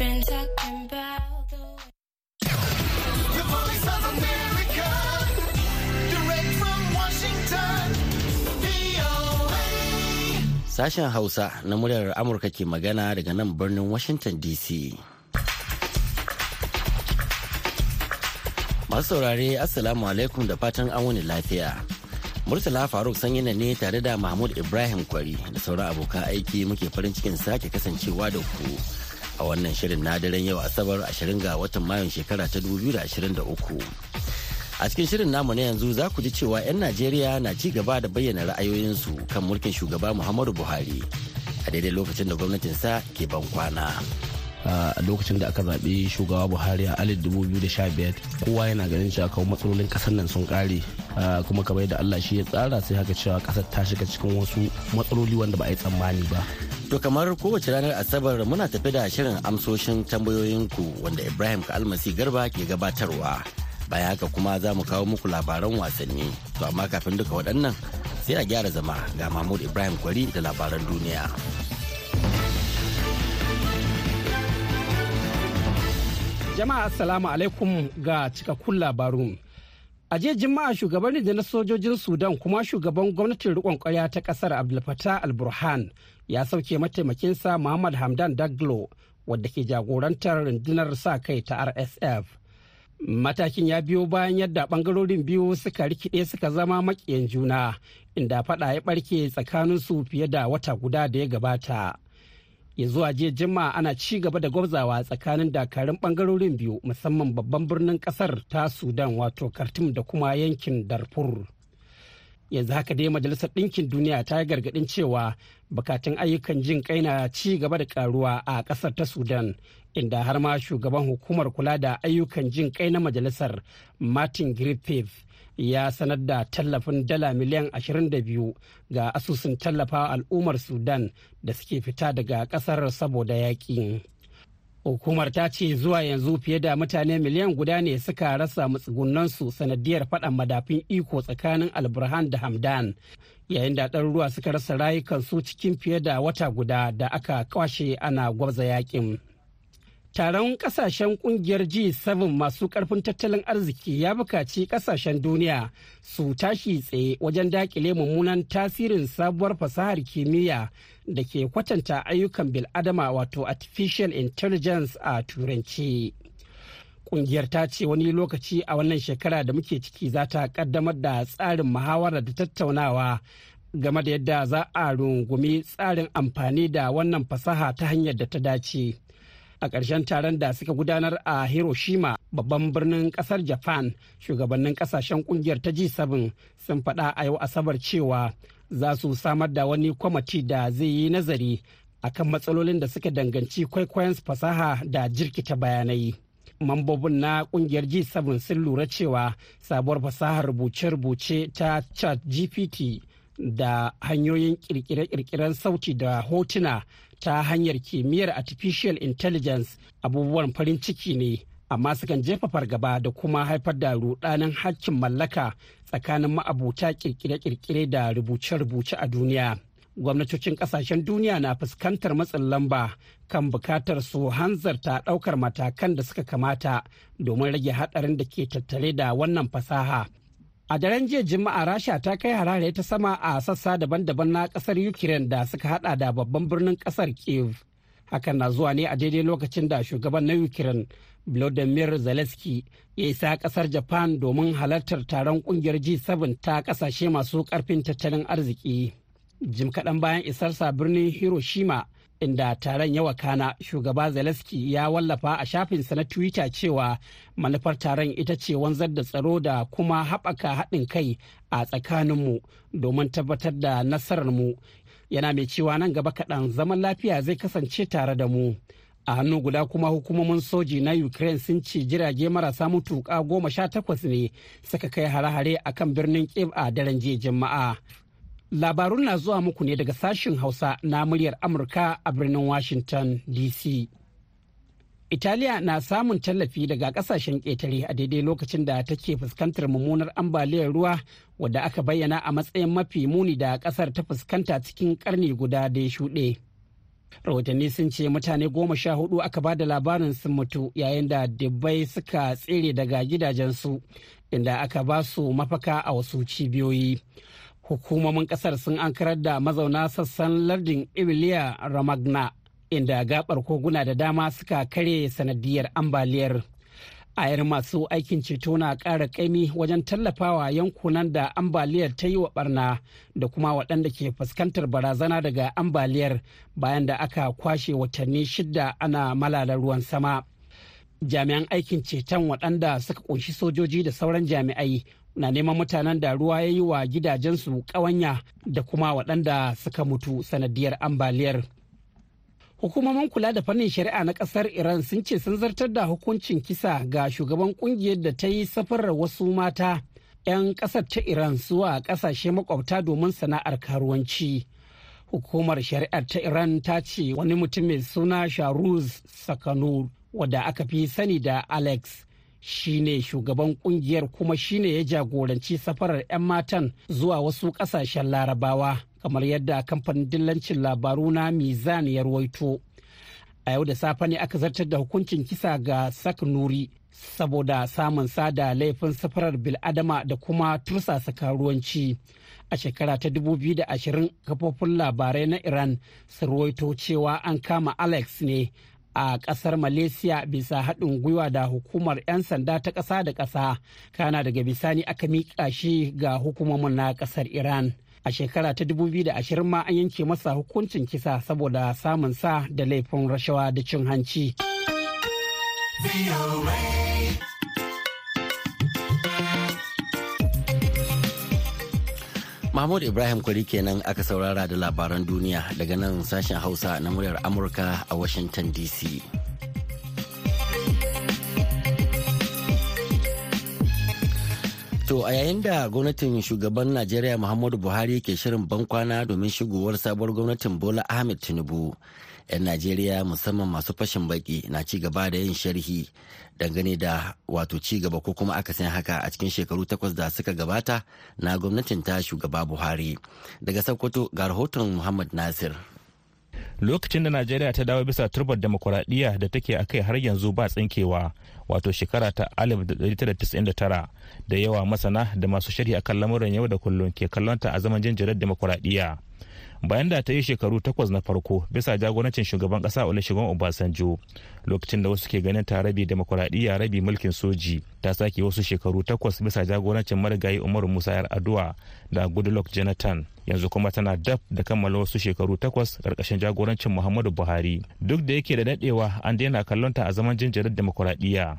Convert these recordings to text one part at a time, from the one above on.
Sashen Hausa na muryar Amurka ke magana daga nan birnin Washington DC. Masu saurare Assalamu alaikum da fatan an wani lafiya. Murtala Faruk sanyina ne tare da Mahmud Ibrahim Kwari da sauran abokan aiki muke farin cikin sake kasancewa da ku. a wannan shirin na daren yau asabar 20 ga watan mayun shekara ta 2023 a cikin shirin namu na yanzu za ku ji cewa 'yan najeriya na ci gaba da bayyana ra'ayoyinsu kan mulkin shugaba muhammadu buhari a daidai lokacin da gwamnatinsa ke bankwana. kwana. a lokacin da aka zaɓi shugaba buhari a alif dubu biyu da sha biyar kowa yana ganin cewa kawo matsalolin ƙasar nan sun ƙare kuma kamar da allah shi ya tsara sai haka cewa ƙasar ta shiga cikin wasu matsaloli wanda ba a yi tsammani ba To kamar kowace ranar Asabar muna tafi da shirin amsoshin tambayoyinku wanda Ibrahim ka Almasi Garba ke gabatarwa. Bayan haka kuma za mu kawo muku labaran wasanni. To amma kafin duka waɗannan sai a gyara zama ga Mahmud Ibrahim Kwari da labaran duniya. Jama'a Assalamu alaikum ga cikakkun labarun. A jiya Juma'a shugaban rundunar sojojin Sudan kuma shugaban gwamnatin riƙon ƙwarya ta ƙasar Abdulfata alburhan ya sauke mataimakinsa Muhammad Hamdan Daglo wadda ke jagorantar rundunar sa kai ta RSF. Matakin ya biyo bayan yadda ɓangarorin biyu suka rikide suka zama makiyan juna inda faɗa ya ɓarke tsakaninsu fiye da wata guda da ya gabata. ya zuwa jiya jimma ana ci gaba da gwabzawa tsakanin dakarun bangarorin biyu musamman babban birnin kasar ta sudan wato khartoum da kuma yankin darfur yanzu haka dai majalisar ɗinkin duniya ta yi gargaɗin cewa bukatun ayyukan jin kai na ci gaba da karuwa a ƙasar ta sudan inda har ma shugaban hukumar kula da ayyukan jin kai na majalisar martin griffith ya sanar da tallafin dala miliyan 22 ga asusun tallafa al'ummar sudan da suke fita daga kasar saboda yaƙi hukumar ta ce zuwa yanzu fiye da mutane miliyan guda ne suka rasa matsugunansu sanadiyar faɗan madafin iko tsakanin alburhan da hamdan yayin da ɗaruruwa suka rasa rayukansu cikin fiye da wata guda da aka kwashe ana gwabza yaƙin taron kasashen kungiyar G7 masu karfin tattalin arziki ya bukaci kasashen duniya su tashi tsaye wajen dakile mummunan tasirin sabuwar fasahar kimiyya da ke kwatanta ayyukan bil'adama wato artificial intelligence a turanci. Kungiyar ta ce wani lokaci a wannan shekara da muke ciki za ta kaddamar da tsarin muhawarar da tattaunawa game da yadda za a rungumi tsarin amfani da wannan fasaha ta hanyar da ta dace. a ƙarshen taron da suka gudanar a hiroshima babban birnin ƙasar japan shugabannin ƙasashen ƙungiyar ta g7 sun faɗa a yau asabar cewa za su samar da wani kwamati da zai yi nazari akan matsalolin da suka danganci kwaikwayon fasaha da jirkita bayanai mambobin na kungiyar g7 sun lura cewa sabuwar fasahar rubuce-rubuce ta chat gpt da hanyoyin kirkire-kirkiren sauti da hotuna ta hanyar kimiyyar artificial intelligence abubuwan farin ciki ne amma sukan jefa fargaba da kuma haifar da rudanin hakkin mallaka tsakanin ma'abuta kirkire-kirkire da rubuce-rubuce a duniya gwamnatocin kasashen duniya na fuskantar matsin lamba kan bukatar su hanzarta ɗaukar matakan da suka kamata domin rage hadarin da ke tattare da wannan fasaha A daren jiya Juma'a Rasha ta kai harare ta sama a sassa daban-daban na kasar Ukraine da suka hada da babban birnin kasar Kiev. Hakan na zuwa ne a daidai lokacin da shugaban na Ukraine Volodymyr Zelensky ya isa kasar Japan domin halartar taron kungiyar G7 ta kasashe masu karfin tattalin arziki. Jim kaɗan bayan isarsa birnin Hiroshima inda taron yawa Kana shugaba zelenski ya wallafa a shafinsa na twitter cewa manufar taron ita ce wanzar da tsaro da kuma haɓaka haɗin kai a tsakaninmu domin tabbatar da nasararmu yana mai cewa nan gaba kaɗan zaman lafiya zai kasance tare da mu a hannu guda kuma hukumomin soji na ukraine sun ce jirage marasa mutuƙa goma sha takwas ne suka kai hare-hare a kan birnin kiv a daren jiya jama'a Labarun na zuwa muku ne daga sashen Hausa na muryar Amurka a birnin Washington DC. Italiya na samun tallafi daga kasashen ƙetare a daidai lokacin da take fuskantar mummunar ambaliyar ruwa wadda aka bayyana a matsayin mafi muni da ƙasar ta fuskanta cikin ƙarni guda da ya shuɗe. Rahotanni sun ce mutane goma sha hudu aka ba da labarin sun mutu yayin da dubbai suka tsere daga gidajensu inda aka ba su mafaka a wasu cibiyoyi. hukumomin kasar sun ankarar da mazauna sassan lardin Emilia Ramagna inda gabar koguna da dama suka kare sanadiyar ambaliyar. A ayar masu aikin ceto na ƙara kaimi wajen tallafawa yankunan da ambaliyar ta yi wa barna da kuma waɗanda ke fuskantar barazana daga ambaliyar bayan da aka kwashe watanni shida ana malalar ruwan sama jami'an aikin ceton waɗanda suka ƙunshi sojoji da sauran jami'ai na neman mutanen da ruwa ya yi wa gidajensu ƙawanya da kuma waɗanda suka mutu sanadiyar ambaliyar. Hukumomin kula da fannin shari'a na ƙasar Iran sun ce sun zartar da hukuncin kisa ga shugaban ƙungiyar da ta yi safarar wasu mata 'yan ƙasar ta Iran zuwa ƙasashe makwabta domin sana'ar karuwanci. Hukumar shari'ar ta Iran ta ce wani mutum mai suna Sharuz Sakanur wadda aka fi sani da Alex shine shugaban kungiyar kuma shine ya jagoranci safarar 'yan matan zuwa wasu kasashen larabawa kamar yadda kamfanin dillancin labaru na mizan ya ruwaito a yau da safe ne aka zartar da hukuncin kisa ga sak nuri saboda samun sada laifin safarar biladama da kuma tursasa karuwanci a shekara ta 2020 kafofin labarai na iran sun ruwaito cewa an kama alex ne a kasar malaysia bisa haɗin gwiwa da hukumar 'yan sanda ta ƙasa da ƙasa kana daga bisani aka miƙa shi ga hukumomin na ƙasar iran a shekara ta 2020 ma an yanke masa hukuncin kisa saboda samun sa da laifin rashawa da cin hanci. Mahmud Ibrahim Kwari kenan aka saurara da labaran duniya daga nan sashen Hausa na muryar Amurka a Washington DC. To a yayin da gwamnatin shugaban Najeriya Muhammadu Buhari ke shirin bankwana domin shigowar sabuwar gwamnatin Bola Ahmed Tinubu. 'yan najeriya musamman masu fashin baki na ci gaba da yin sharhi dangane da wato ci gaba ko kuma aka san haka a cikin shekaru takwas da suka gabata na gwamnatin ta shugaba buhari daga sokoto ga rahoton muhammad nasir lokacin da najeriya ta dawo bisa turbar demokuraɗiyya da take a kai har yanzu ba tsinkewa wato shekara ta 1999 da yawa masana da masu sharhi akan lamuran yau da kullum ke kallonta a zaman jinjirar demokuraɗiyya bayan da ta yi shekaru takwas na farko bisa jagorancin shugaban kasa olusegun obasanjo lokacin da wasu ke ganin ta rabi demokuraɗiyya rabi mulkin soji ta sake wasu shekaru takwas bisa jagorancin marigayi umaru musa yar adua da goodluck jonathan yanzu kuma tana daf da kammala wasu shekaru takwas karkashin jagorancin muhammadu buhari duk da yake da daɗewa an daina kallonta a zaman jinjirin demokuraɗiyya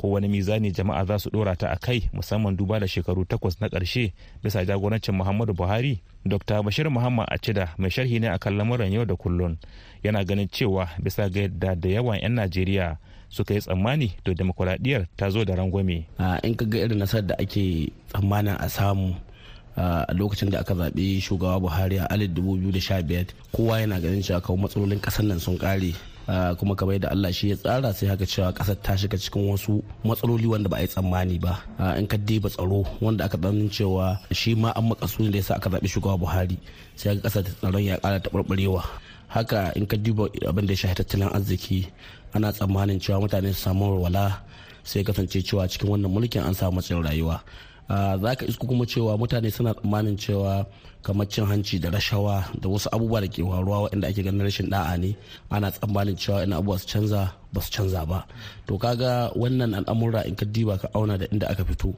ko wani mizani jama'a za su dora ta a kai musamman duba da shekaru takwas na ƙarshe bisa jagorancin muhammadu buhari dr bashir muhammad acida mai sharhi ne akan lamuran yau da kullun yana ganin cewa bisa ga yadda da yawan 'yan najeriya suka yi tsammani to demokuraɗiyar ta zo da rangwame. in ka ga irin nasarar da ake tsammanin a samu a lokacin da aka zaɓi shugaba buhari a alif 2015 kowa yana ganin cewa kawo matsalolin ƙasar nan sun ƙare Ah, kuma kamar da Allah shi ya tsara sai haka cewa kasar ta shiga cikin wasu matsaloli wanda ba a yi tsammani ba ah, in ka diba tsaro wanda aka tsanin cewa shi ma an makasu da yasa aka zaɓi shugaba Buhari sai haka kasar tsaron ya ƙara taɓarɓarewa haka in ka duba abin da ya shafi tattalin arziki ana tsammanin cewa mutane su samu walwala sai kasance cewa cikin wannan mulkin an samu matsayin rayuwa Ah, za ka isku kuma cewa mutane suna tsammanin cewa kamar cin hanci da rashawa da wasu abubuwa da ke waruwa waɗanda ake ganin rashin da'a ne ana tsammanin cewa ina abubuwa su canza ba su canza ba to kaga wannan al'amura in ka diba ka auna da inda aka fito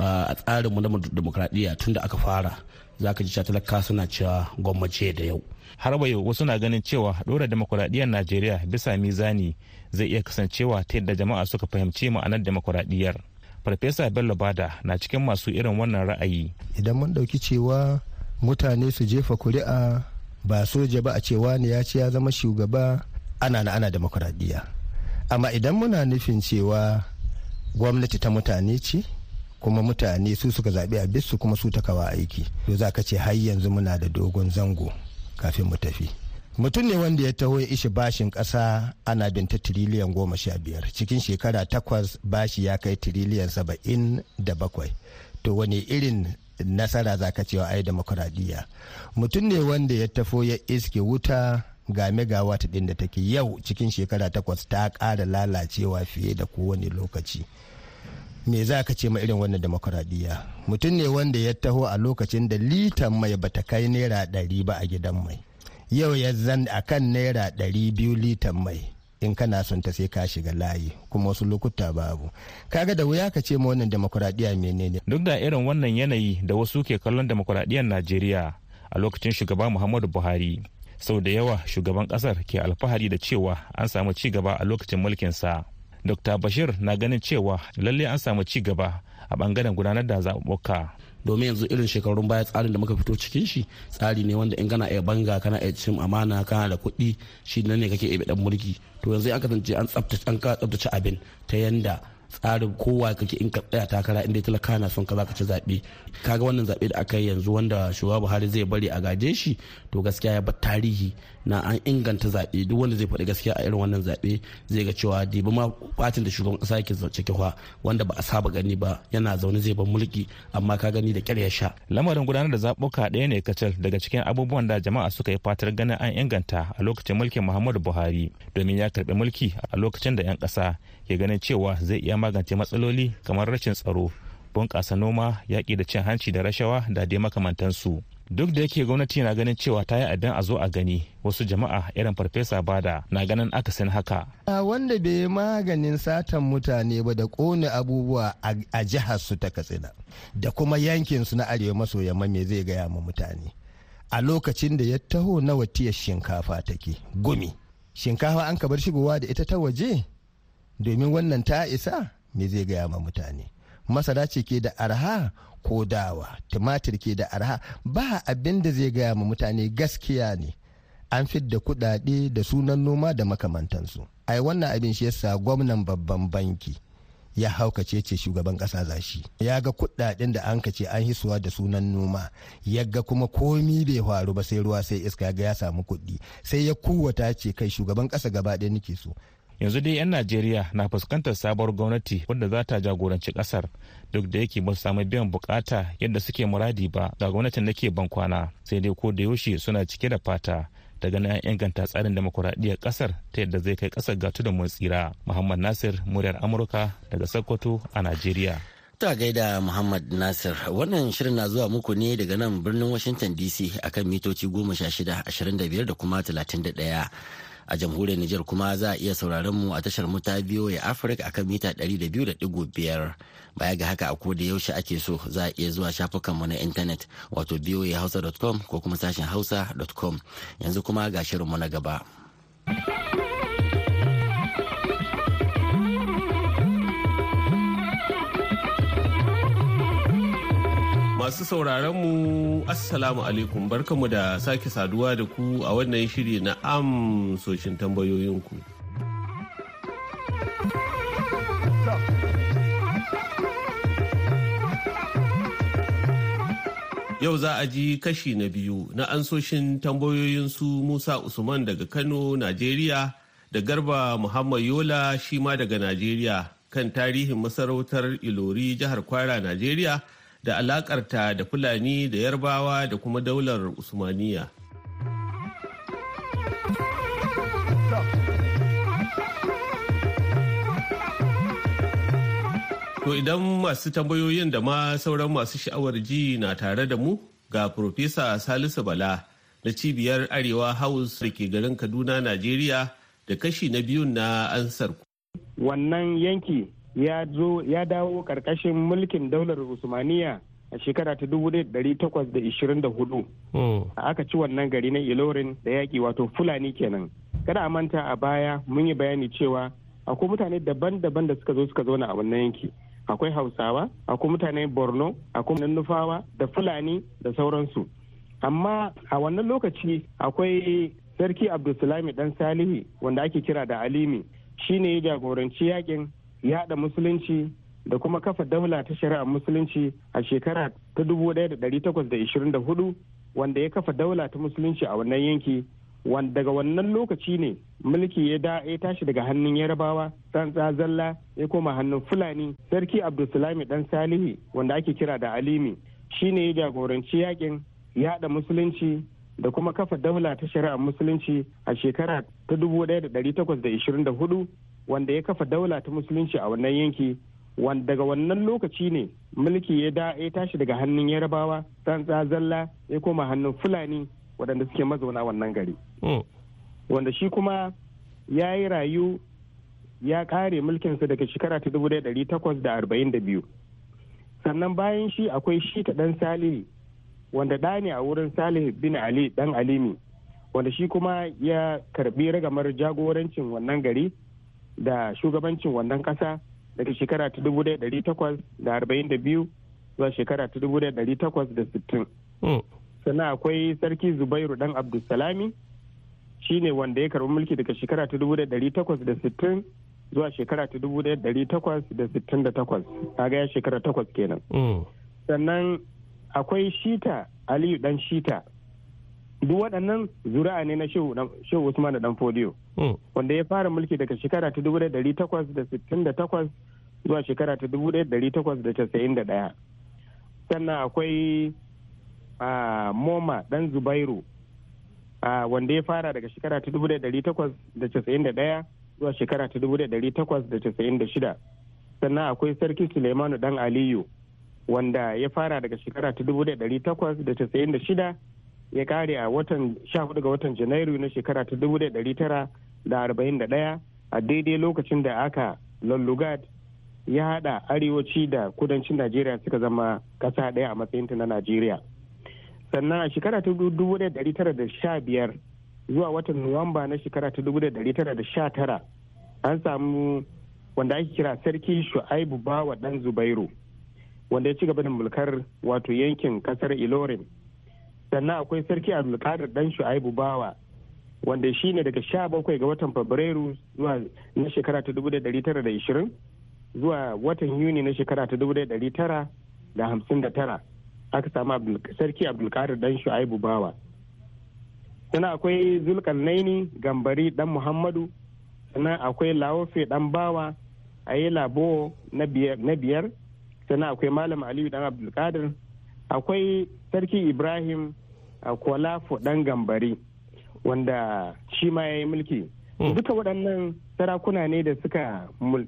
ah, a tsarin mu na demokradiyya tun da aka fara za ka ji talaka suna cewa gwamnati da yau har ba yau wasu na ganin cewa ɗora demokuraɗiyyar najeriya bisa mizani zai iya kasancewa ta yadda jama'a suka fahimci ma'anar demokuraɗiyyar farfesa bello bada na cikin masu irin wannan ra'ayi idan mun ɗauki cewa mutane su jefa kuri'a ba soja ba a cewa ne ya ce ya zama shugaba ana na ana demokuraɗiyya amma idan muna nufin cewa gwamnati ta mutane ce kuma mutane su suka zaɓi a bisu kuma su ta kawa aiki to za ka ce har yanzu muna da dogon zango kafin mu tafi mutum ne wanda ya taho ya ishi bashin kasa ana binta tiriliyan goma sha biyar cikin shekara takwas bashi ya kai tiriliyan saba'in da bakwai to wani irin nasara za ka cewa ai demokuraɗiyya mutum ne wanda ya taho ya iske wuta ga megawatt ɗin da take yau cikin shekara takwas ta ƙara lalacewa fiye da kowane lokaci me za ka ce ma irin wannan demokuraɗiyya mutum ne wanda ya taho a lokacin da litan mai bata kai naira ɗari ba a gidan mai yau ya zan a kan naira ɗari biyu litan mai in kana son ta sai ka shiga layi kuma wasu lokuta babu kaga da wuya ka ce ma wannan demokuraɗiyya menene duk da irin wannan yanayi da wasu ke kallon demokuraɗiyyar najeriya a lokacin shugaba muhammadu buhari sau da yawa shugaban ƙasar ke alfahari da cewa an samu ci gaba a lokacin mulkin sa dr bashir na ganin cewa lalle an samu ci gaba a bangaren gudanar da zaɓuɓɓuka domin yanzu irin shekarun baya tsarin da muka fito cikin shi tsari ne wanda in kana iya banga kana iya cin amana kana da kuɗi shi nan ne kake iya dan mulki to yanzu an kasance an tsabtace ka tsaftace abin ta yanda tsarin kowa kake in ka tsaya takara inda ita na son ka zaka ci zaɓe kaga wannan zaɓe da aka yi yanzu wanda shugaba Buhari zai bari a gaje shi to gaskiya ya bar tarihi na an inganta zaɓe duk wanda zai faɗi gaskiya a irin wannan zaɓe zai ga cewa dibi ma fatin da shugaban ƙasa yake zance kihwa wanda ba a saba gani ba yana zaune zai ban mulki amma ka gani da ƙyar ya sha. lamarin gudanar da zaɓuka ɗaya ne kacal daga cikin abubuwan da jama'a suka yi fatar ganin an inganta a lokacin mulkin muhammadu buhari domin ya karɓi mulki a lokacin da 'yan ƙasa ke ganin cewa zai iya magance matsaloli kamar rashin tsaro bunƙasa noma yaƙi da cin hanci da rashawa da dai makamantansu. duk da yake gwamnati na ganin cewa ta yi addan a zo a gani wasu jama'a irin farfesa bada na ganin akasin haka wanda bai maganin satan mutane ba da kone abubuwa a jihar su ta katsina da kuma yankin su na arewa maso yamma me zai gaya ma mutane a lokacin da ya taho na watiyar shinkafa take gumi shinkafa an ka bar shigowa da ita ta waje domin wannan ta isa me zai gaya ma mutane masara ce ke da arha ko dawa tumatir ke da arha ba abin da zai gaya ma mutane gaskiya ne an fidda kudade da sunan noma da makamantansu ai wannan abin shi yasa gwamnan babban banki ya haukace ce shugaban kasa zashi ya ga kudaden da an kace an hisuwa da sunan noma ya ga kuma komi bai faru ba sai ruwa sai iska ga ya samu kuɗi sai ya kuwata ce kai shugaban kasa gaba ɗaya nake so yanzu dai 'yan najeriya na fuskantar sabuwar gwamnati wadda za ta jagoranci kasar duk da yake ba su samu biyan bukata yadda suke muradi ba ga gwamnatin da ke bankwana sai dai ko da yaushe suna cike da fata da ganin an inganta tsarin demokuraɗiyyar kasar ta yadda zai kai kasar ga da mun tsira muhammad nasir muryar amurka daga sokoto a najeriya Ta gaida Muhammad Nasir wannan shirin na zuwa muku ne daga nan birnin Washington DC akan mitoci goma sha shida ashirin da biyar da kuma talatin da daya. a jamhuriyar Nijar kuma za a iya sauraron mu a tashar mu ta VOA Africa akan mita 200.5 baya ga haka a da yaushe ake so za a iya zuwa shafukan mu na intanet wato voahausa.com ko kuma sashen hausa.com yanzu kuma ga shirin mu na gaba. Masu sauraronmu Assalamu alaikum barkamu da sake saduwa da ku a wannan shiri na amsoshin tambayoyinku. Yau za a ji kashi na biyu na ansoshin tambayoyinsu Musa Usman daga Kano, Najeriya da Garba Muhammad Yola shi ma daga Najeriya kan tarihin masarautar Ilori jihar Kwara, Najeriya. da alakarta da fulani da yarbawa da kuma daular usmaniya to idan masu tambayoyin da ma sauran masu sha'awar ji na tare da mu ga Profesa salisu bala na cibiyar arewa house da ke garin kaduna najeriya da kashi na biyun na ansar wannan yanki ya dawo karkashin mulkin daular usmaniya a shekara ta 1824 hmm. aka ci wannan gari na ilorin da yaƙi wato fulani kenan kada a manta a baya mun yi bayani cewa akwai mutane daban-daban da suka zo suka zauna a wannan yanki akwai hausawa akwai mutane borno akwai nufawa da fulani da sauransu amma a wannan lokaci akwai sarki abdulsalami dan salihi wanda ake kira da alimi shine ya jagoranci yakin yada musulunci da kuma kafa daula ta shari'ar musulunci a shekara ta 1824 wanda ya kafa daula ta musulunci a wannan yanki wanda daga wannan lokaci ne mulki ya da ya tashi daga hannun yarabawa san zalla ya koma hannun fulani sarki abdulsalami dan salihi wanda ake kira da alimi shine ya jagoranci yakin yada musulunci da kuma kafa daula ta shari'ar musulunci a shekara ta 1824 wanda ya kafa daula ta musulunci a wannan yanki wanda daga wannan lokaci ne mulki ya da ya tashi daga hannun yarabawa tsantsa zalla ya koma hannun fulani waɗanda suke mazauna wannan gari hmm. wanda shi kuma ya yi rayu ya kare mulkinsa daga shekara ta dubu ɗari takwas da arba'in da biyu sannan bayan shi akwai shi ta ɗan salihu wanda ɗa ne a wurin salihu bin ali ɗan alimi wanda shi kuma ya karbi ragamar jagorancin wannan gari da shugabancin wannan kasa daga shekara ta dubu da takwas da arba'in da biyu zuwa shekara ta dubu da takwas da sittin. Hmm. Sannan akwai Sarki Zubairu Dan Abdulsalami shi ne wanda ya karɓi mulki daga shekara ta dubu da takwas da sittin zuwa shekara ta dubu da takwas da sittin da takwas. Kaga ya shekara takwas kenan. Hmm. Sannan akwai Shita Aliyu Dan Shita duk waɗannan zuri'a ne na shehu usman da danfodiyo hmm. wanda ya fara mulki daga shekara ta dubu ɗari takwas da sittin da takwas zuwa shekara ta dubu ɗari takwas da casa'in da ɗaya sannan akwai moma dan zubairu wanda ya fara daga shekara ta dubu ɗari takwas da casa'in da ɗaya zuwa shekara ta dubu ɗari takwas da casa'in da shida sannan akwai sarki suleimanu dan aliyu wanda ya fara daga shekara ta dubu ɗari takwas da casa'in da shida ya kare a watan 14 ga watan janairu na shekara ta 1941 a daidai lokacin da aka lullugat ya hada arewaci da kudancin najeriya suka zama kasa daya a matsayin ta na najeriya sannan a shekara ta 1915 zuwa watan nuwamba na shekara ta 1919 an samu wanda ake kira sarki shu'aibu bawa dan zubairu wanda ya ci gaba da mulkar wato yankin kasar ilorin sannan akwai sarki abdulkadir dan shu'aibu bawa wanda shi ne daga sha bakwai ga watan fabrairu zuwa na shekara ta dubu da tara da ishirin zuwa watan yuni na shekara ta dubu da tara da hamsin da tara aka samu sarki abdulkadir dan shu'aibu bawa sannan akwai naini gambari dan muhammadu sannan akwai lawofe dan bawa a yi labo na biyar sannan akwai malam aliyu dan abdulkadir akwai sarki ibrahim kwalafu dan gambari wanda shi ma ya yi mulki hmm. duka waɗannan sarakuna ne da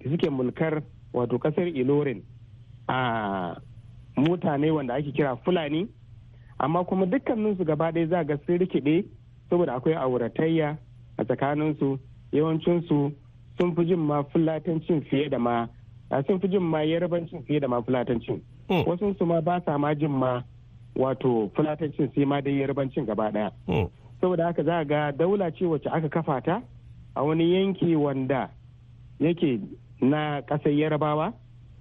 suke mulkar wato kasar ilorin a mutane wanda ake kira fulani amma kuma dukkaninsu gaba ɗaya za ga sun rikide saboda akwai auratayya a tsakaninsu yawancinsu sun fi jin ma fulatancin fiye da ma sun fi jin ma yarabancin fiye da ma fulatancin hmm. wasu su ma ba sa ma jin ma wato fulatancin sai ma dai yarbancin gaba daya hmm. saboda haka za ga daula ce wacce aka kafa ta a wani yanki wanda yake na ƙasar yarabawa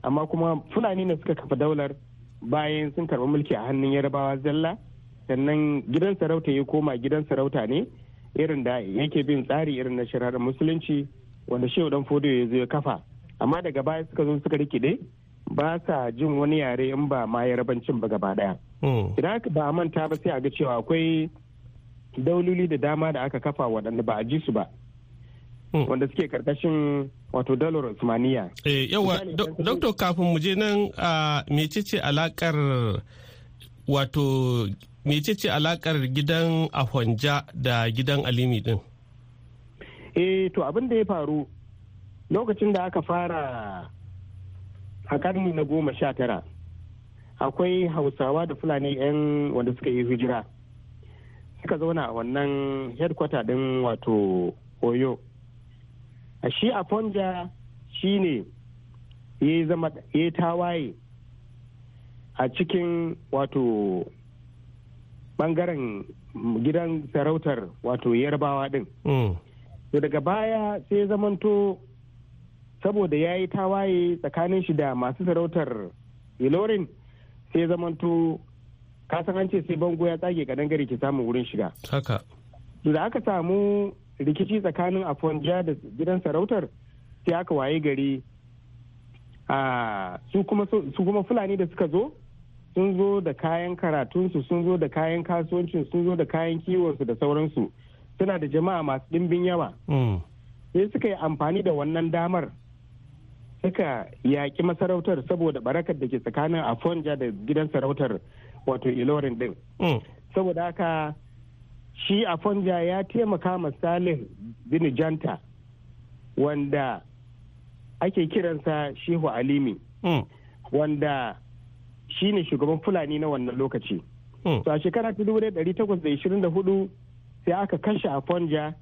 amma kuma fulani ne suka kafa daular bayan sun karɓi mulki a hannun yarabawa zalla sannan gidan sarauta ya koma gidan sarauta ne irin da yake bin tsari irin na shirar musulunci wanda shehu dan fodo ya zo ya kafa amma daga baya suka zo suka rikide ba sa jin wani yare in ba ma yarabancin ba gaba daya hmm. idan ba a manta ba sai a ga cewa akwai daululi da dama da aka kafa waɗanda ba a ji su ba hmm. wanda suke karkashin wato dalar usmaniya eh, yawa Dr. kafin mu je nan a mecece alakar wato mecece alakar gidan ahonja da gidan alimi din eh to abin da ya faru lokacin da aka fara a karni na goma sha tara akwai hausawa da fulani 'yan wanda suka yi hijira suka zauna a wannan headquarter din wato oyo a shi a fonja shi ne ya tawaye a cikin wato bangaren gidan sarautar wato yarbawa din mm. to daga baya sai zamanto saboda ya yi tawaye tsakanin shi da masu sarautar ilorin sai zamanto kasan an ce sai bango ya tsage kadan gari ke samun wurin shiga haka da aka samu rikici tsakanin afonja da gidan sarautar sai aka waye gari su kuma fulani da suka zo sun zo da kayan karatunsu sun zo da kayan kasuwancin sun zo da kayan kiwonsu da sauransu suna da jama'a masu ɗimbin yawa mm. sai suka yi amfani da wannan damar suka yaƙi masarautar saboda barakar da ke tsakanin afonja da gidan sarautar wato ilorin din mm. saboda haka shi afonja ya taimaka ma salih bin janta wanda ake kiransa shehu alimi mm. wanda shi ne shugaban fulani na wannan lokaci mm. a shekara ta 1824 sai aka kashe afonja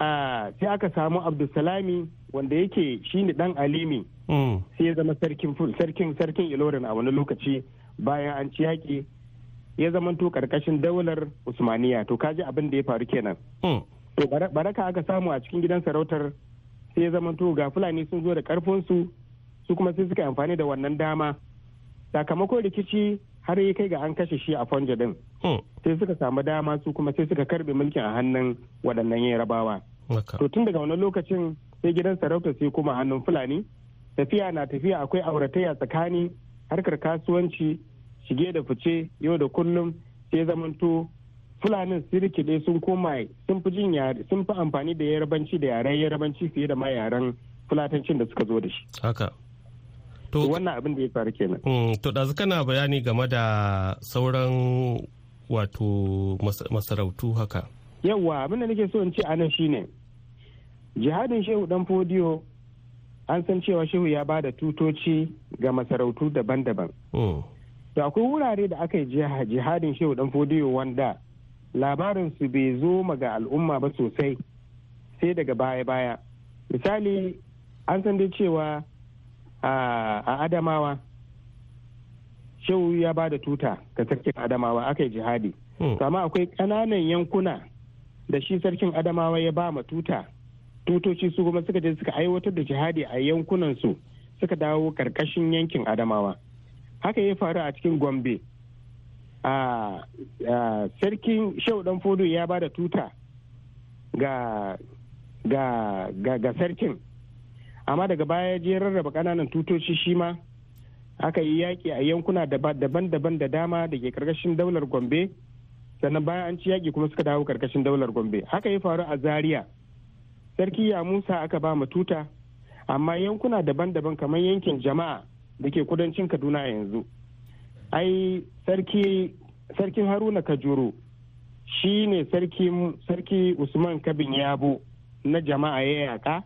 ah, sai aka samu abdulsalami wanda yake shi shine dan alimi mm. sai ya zama sarkin sarkin ilorin a wani lokaci bayan an ci yaƙi ya zamanto karkashin daular usmaniya to kaji abin da ya faru kenan mm. to baraka aka samu a cikin gidan sarautar sai ya zama to ga fulani sun zo da karfinsu su kuma sai suka amfani da wannan dama sakamakon rikici har ya kai ga an kashe shi a fonja din mm. sai suka samu dama su kuma sai suka karbe mulkin a hannun waɗannan yarabawa to tun daga wani lokacin sai gidan sarauta sai kuma hannun fulani tafiya na tafiya akwai auratayya tsakani harkar kasuwanci shige da fice yau da kullum sai zamanto fulanin sun rikide sun koma sun fi jin sun fi amfani da yarabanci da yaren yarabanci fiye da ma yaren fulatancin da suka zo da shi haka to wannan abin da ya faru kenan mm, to ɗazu kana bayani game da sauran wato masarautu haka yawwa abin da nake so in ce anan shine jihadin shehu dan fodiyo an san cewa shehu ya bada tutoci ga masarautu daban-daban hmm. to akwai wurare da aka yi jihadin shehu dan fodiyo wanda labarin su bai zo ga al'umma ba sosai sai daga baya-baya misali an san dai cewa a adamawa shehu ya ba tuta ga sarkin adamawa aka yi jihadi kama hmm. akwai ƙananan yankuna da shi sarkin adamawa ya ba ma tuta tutoci su kuma suka je suka aiwatar da jihadi a yankunansu su suka dawo karkashin yankin adamawa haka ya faru a cikin gombe a sarkin shaudan fodo ya bada tuta ga ga sarkin amma daga baya je rarraba kananan tutoci shi ma aka yi yaƙi a yankuna daban-daban da dama da ke karkashin daular gombe sannan bayan an ci yaƙi kuma suka dawo karkashin daular gombe haka ya faru a zaria sarki ya musa aka ba mu tuta amma yankuna daban-daban kamar yankin jama'a da ke kudancin kaduna yanzu ai sarki sarkin haruna kajuru shi ne sarki usman kabin yabo na jama'a ya yaka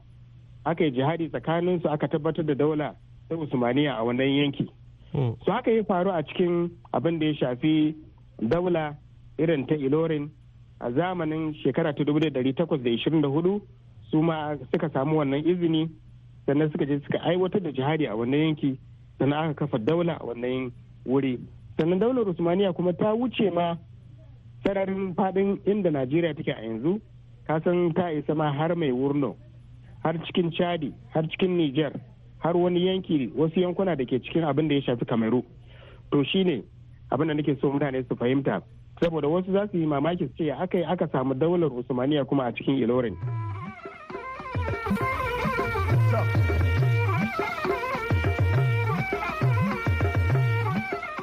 aka yi jihadi tsakaninsu aka tabbatar da daula ta usmaniya a wannan yanki hmm. su haka ya faru a cikin abin da ya shafi daula irin ta ilorin a zamanin shekara ta 1824 su ma suka samu wannan izini sannan suka je suka aiwatar da jihadi a wannan yanki sannan aka kafa daula a wannan wuri sannan daular usmaniya kuma ta wuce ma sararin fadin inda najeriya take a yanzu kasan ta isa ma har mai wurno har cikin chadi har cikin niger har wani yanki wasu yankuna da ke cikin abin da ya shafi kameru to shine abin da nake so mutane su fahimta saboda wasu za su yi mamaki su ce aka yi aka samu daular usmaniya kuma a cikin ilorin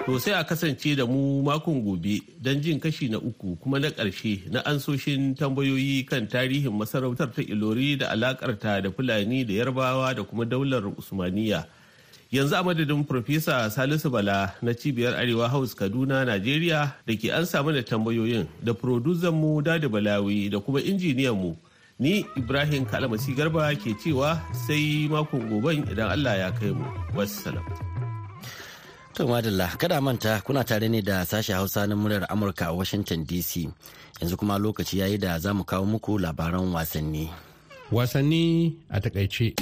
To sai a kasance da mu makon gobe don jin kashi na uku kuma na ƙarshe na ansoshin tambayoyi kan tarihin masarautar ta ilori da alakarta da fulani da yarbawa da kuma daular usmaniya. Yanzu a madadin Profesa Salisu Bala na Cibiyar Arewa House Kaduna, Najeriya da ke an samu da tambayoyin da mu Dadi Balawi da kuma injiniyan mu Ni Ibrahim Kalamasi Garba ke cewa sai makon goben idan Allah ya kai mu. Wassalam. To madalla kada manta kuna tare ne da sashi Hausa na muryar Amurka a Washington DC. Yanzu kuma lokaci yayi da za mu kawo muku labaran wasanni. Wasanni a takaice.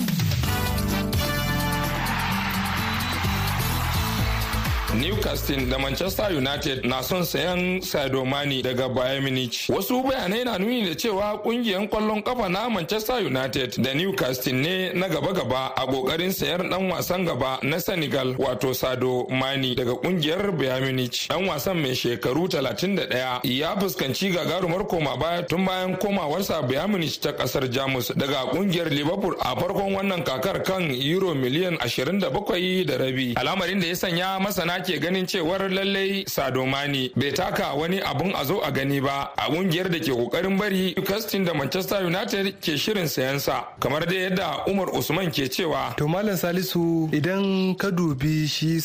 newcastle da manchester united na son sayan sadomani daga bayern munich wasu bayanai na nuni da cewa kungiyar kwallon kafa na manchester united da newcastle ne na gaba-gaba a kokarin sayar dan wasan gaba na senegal wato sado mani daga kungiyar bayern munich dan wasan mai shekaru 31 ya fuskanci gagarumar koma baya tun bayan komawarsa bayern munich ta kasar jamus daga kungiyar liverpool a farkon wannan kakar kan euro miliyan 27 da rabi al'amarin da ya sanya masana ake ganin cewar lallai sadomani bai taka wani abun a zo a gani ba a kungiyar da ke kokarin bari Newcastle da Manchester United ke shirin sayan sa kamar dai yadda Umar Usman ke cewa to malam Salisu idan ka dubi shi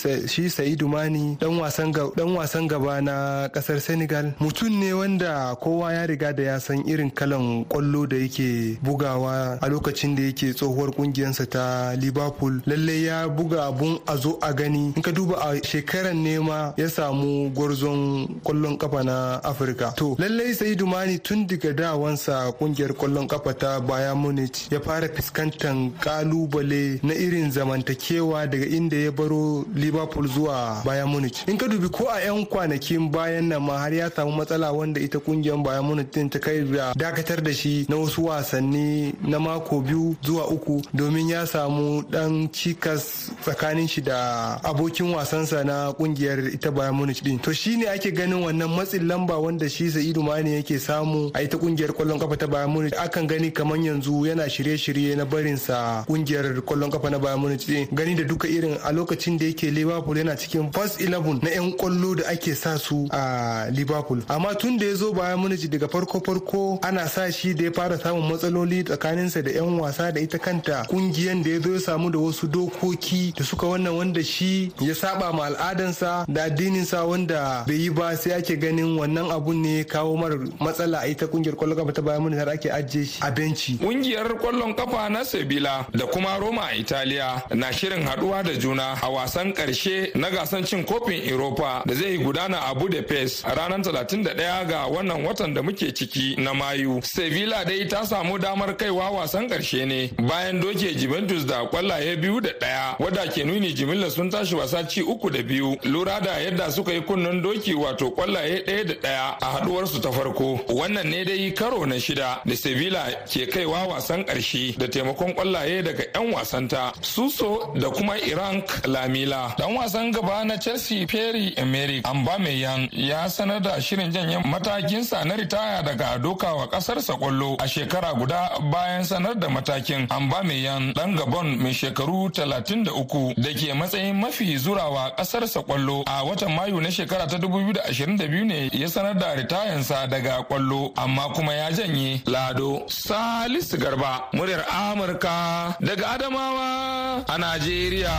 Sa'idu Mani dan wasan gaba na kasar Senegal mutum ne wanda kowa ya riga da ya san irin kalan kwallo da yake bugawa a lokacin da yake tsohuwar kungiyarsa ta Liverpool lallai ya buga abun a zo a gani in ka duba a karan nema ya samu gwarzon kwallon kafa na afirka to lallai saidu dumani tun daga dawansa kungiyar kwallon kafa ta bayan munich ya fara fuskantar kalubale na irin zamantakewa daga inda ya baro liverpool zuwa bayan munich in ka dubi ko a 'yan kwanakin bayan nan ma har ya samu matsala wanda ita kungiyar bayan munich din ta kai da dakatar da shi na wasu wasanni na mako biyu zuwa uku domin ya samu dan cikas tsakanin shi da abokin wasansa na kungiyar ita Bayern Munich din to shine ake ganin wannan matsin lamba wanda shi Sa'idu Mane yake samu a ita kungiyar kwallon kafa ta Bayern Munich akan gani kamar yanzu yana shirye-shirye na barin sa kungiyar kwallon kafa na Bayern Munich din gani da duka irin a lokacin da yake Liverpool yana cikin first 11 na 'yan kwallo da ake sa su a Liverpool amma tun da ya zo Bayern Munich daga farko-farko ana sa shi da ya fara samun matsaloli tsakanin sa da 'yan wasa da ita kanta kungiyar da ya zo ya samu da wasu dokoki da suka wannan wanda shi ya saba ma al'ada al'adansa da addininsa wanda bai yi ba sai ake ganin wannan abu ne kawo mara matsala a ita kungiyar kwallon kafa ta bayan munich ake ajiye shi a benci kungiyar kwallon kafa na sevilla da kuma roma a italiya na shirin haduwa da juna a wasan karshe na gasan cin kofin europa da zai yi gudana a budapest ranar talatin da 31 ga wannan watan da muke ciki na mayu sevilla dai ta samu damar kaiwa wasan karshe ne bayan doke juventus da kwallaye biyu da daya wadda ke nuni jimillar sun tashi wasa ci uku da biyu biyu lura da yadda suka yi kunnen doki wato kwallaye ɗaya da ɗaya a haduwarsu ta farko wannan ne dai karo na shida da sevilla ke kaiwa wasan ƙarshe da taimakon kwallaye daga 'yan wasanta suso da kuma iran lamila dan wasan gaba na chelsea perry emery ambameyan ya sanar da shirin janye matakinsa na ritaya daga doka wa ƙasarsa kwallo a shekara guda bayan sanar da matakin ambameyan dan gabon mai shekaru 33 da ke matsayin mafi zurawa ƙasar Manchester kwallo a watan Mayu na shekara ta 2022 ne ya sanar da ritayansa daga kwallo amma kuma ya janye Lado Salisu Garba muryar Amurka daga Adamawa a Najeriya.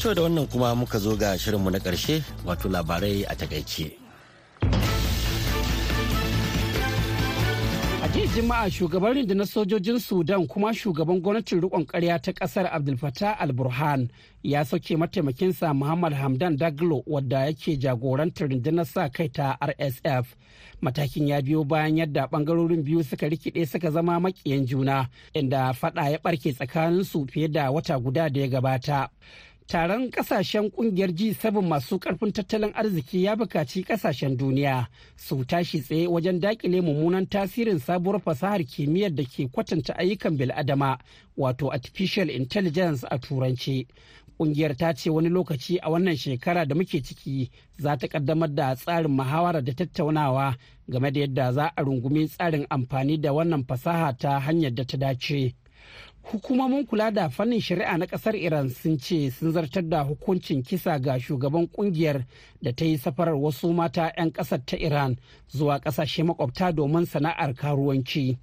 To da wannan kuma muka zo ga shirinmu na ƙarshe wato labarai a takaice. jima'a shugaban rundunar sojojin Sudan kuma shugaban gwamnatin rikon karya ta kasar Abdul Fattah al ya sauke mataimakinsa Muhammad Hamdan Daglo wadda yake jagorantar rundunar sa kai ta RSF. Matakin ya biyo bayan yadda bangarorin biyu suka rikide suka zama makiyan juna inda faɗa ya ɓarke tsakaninsu fiye da wata guda da ya gabata. taron kasashen kungiyar G7 masu karfin tattalin arziki ya bukaci kasashen duniya su tashi tsaye wajen dakile mummunan tasirin sabuwar fasahar kimiyyar da ke kwatanta ayyukan bil'adama wato artificial intelligence a turanci kungiyar ta ce wani lokaci a wannan shekara da muke ciki za ta kaddamar da tsarin muhawara da tattaunawa game da yadda za a rungumi tsarin amfani da wannan fasaha ta hanyar da ta dace hukumomin kula da fannin shari'a na kasar iran sun ce sun zartar da hukuncin kisa ga shugaban kungiyar da ta yi safarar wasu mata 'yan kasar ta iran zuwa kasashe makwabta domin sana'ar karuwanci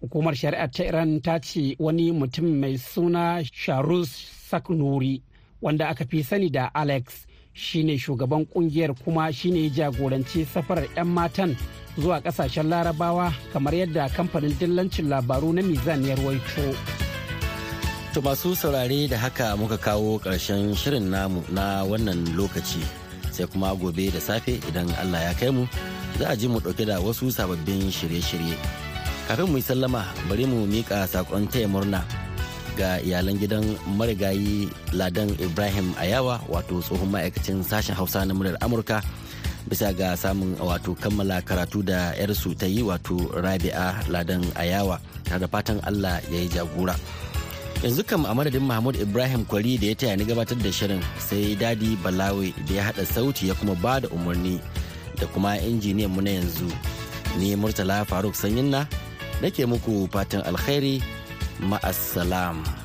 hukumar shari'ar ta iran ta ce wani mutum mai suna sharus saknuri wanda aka fi sani da alex shine shugaban kungiyar kuma shine jagoranci safarar 'yan matan zuwa kasashen larabawa kamar yadda kamfanin dillancin labaru na mizan ya ruwaito. To masu saurare da haka muka kawo ƙarshen shirin namu na wannan lokaci sai kuma gobe da safe idan Allah ya kai mu za a ji mu ɗauke da wasu sababbin shirye-shirye. Kafin mu yi sallama bari mu miƙa saƙon taya murna ga iyalan gidan marigayi Ladan Ibrahim Ayawa wato tsohon ma'aikacin sashen Hausa na muryar Amurka bisa ga samun wato kammala karatu da 'yarsu ta yi wato Rabi'a Ladan Ayawa tare da fatan Allah ya yi jagora. yanzu kam a madadin mahmud ibrahim kwari da ya taya ni gabatar da shirin sai dadi balawe da ya hada sauti ya kuma ba da umarni da kuma injiniyan mu na yanzu ni murtala faruk sanyin na nake muku fatan alkhairi ma'assalam.